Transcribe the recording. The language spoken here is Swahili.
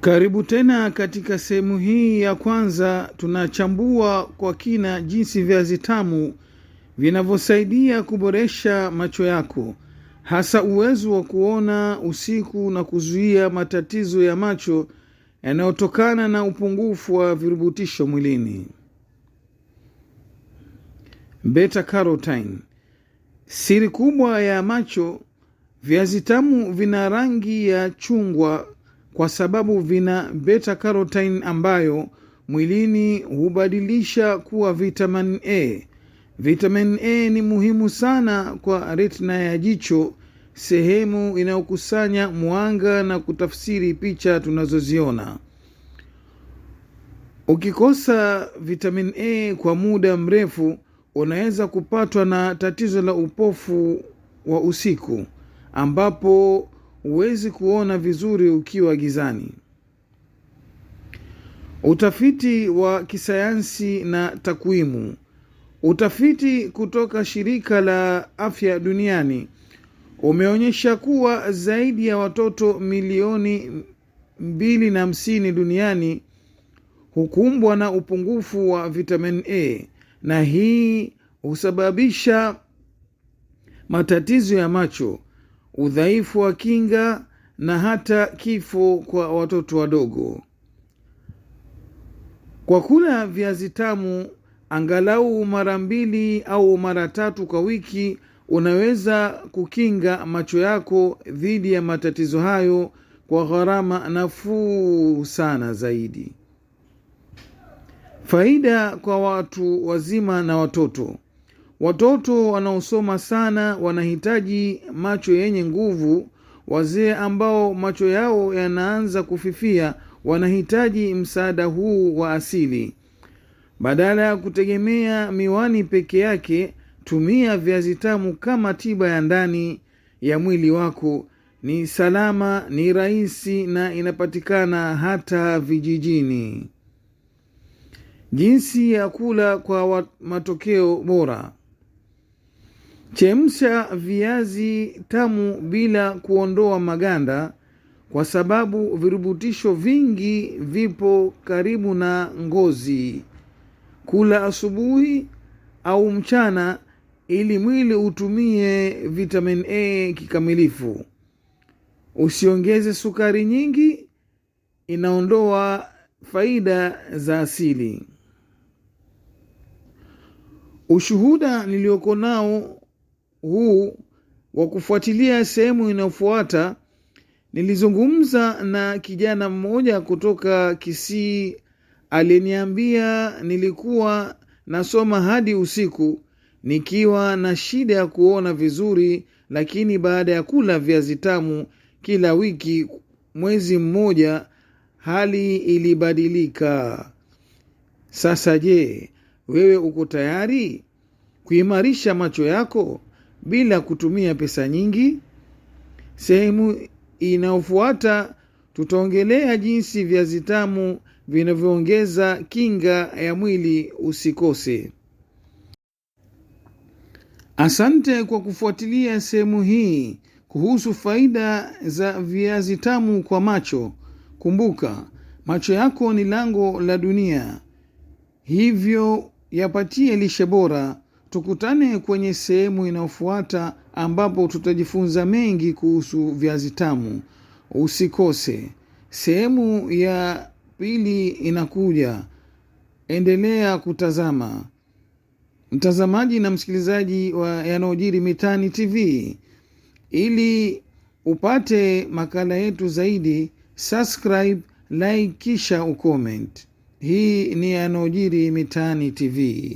Karibu tena katika sehemu hii ya kwanza, tunachambua kwa kina jinsi viazi tamu vinavyosaidia kuboresha macho yako, hasa uwezo wa kuona usiku na kuzuia matatizo ya macho yanayotokana na upungufu wa virubutisho mwilini. Beta carotene, siri kubwa ya macho. Viazi tamu vina rangi ya chungwa kwa sababu vina beta carotine ambayo mwilini hubadilisha kuwa vitamin A. Vitamin A ni muhimu sana kwa retina ya jicho, sehemu inayokusanya mwanga na kutafsiri picha tunazoziona. Ukikosa vitamin A kwa muda mrefu, unaweza kupatwa na tatizo la upofu wa usiku ambapo huwezi kuona vizuri ukiwa gizani. Utafiti wa kisayansi na takwimu. Utafiti kutoka shirika la afya duniani umeonyesha kuwa zaidi ya watoto milioni mbili na hamsini duniani hukumbwa na upungufu wa vitamin A na hii husababisha matatizo ya macho udhaifu wa kinga na hata kifo kwa watoto wadogo. Kwa kula viazi tamu angalau mara mbili au mara tatu kwa wiki, unaweza kukinga macho yako dhidi ya matatizo hayo kwa gharama nafuu sana zaidi. Faida kwa watu wazima na watoto. Watoto wanaosoma sana wanahitaji macho yenye nguvu. Wazee ambao macho yao yanaanza kufifia wanahitaji msaada huu wa asili. Badala ya kutegemea miwani peke yake, tumia viazi tamu kama tiba ya ndani ya mwili wako. Ni salama, ni rahisi na inapatikana hata vijijini. Jinsi ya kula kwa matokeo bora. Chemsha viazi tamu bila kuondoa maganda, kwa sababu virubutisho vingi vipo karibu na ngozi. Kula asubuhi au mchana ili mwili utumie vitamin A kikamilifu. Usiongeze sukari nyingi, inaondoa faida za asili. Ushuhuda niliyoko nao huu wa kufuatilia sehemu inayofuata, nilizungumza na kijana mmoja kutoka Kisii aliyeniambia nilikuwa nasoma hadi usiku nikiwa na shida ya kuona vizuri, lakini baada ya kula viazi tamu kila wiki mwezi mmoja, hali ilibadilika. Sasa je, wewe uko tayari kuimarisha macho yako bila kutumia pesa nyingi. Sehemu inayofuata tutaongelea jinsi viazi tamu vinavyoongeza kinga ya mwili. Usikose. Asante kwa kufuatilia sehemu hii kuhusu faida za viazi tamu kwa macho. Kumbuka, macho yako ni lango la dunia, hivyo yapatie lishe bora Tukutane kwenye sehemu inayofuata ambapo tutajifunza mengi kuhusu viazi tamu. Usikose. Sehemu ya pili inakuja. Endelea kutazama. Mtazamaji na msikilizaji wa yanayojiri mitaani TV, ili upate makala yetu zaidi, subscribe, like kisha ucomment. Hii ni yanayojiri mitaani TV.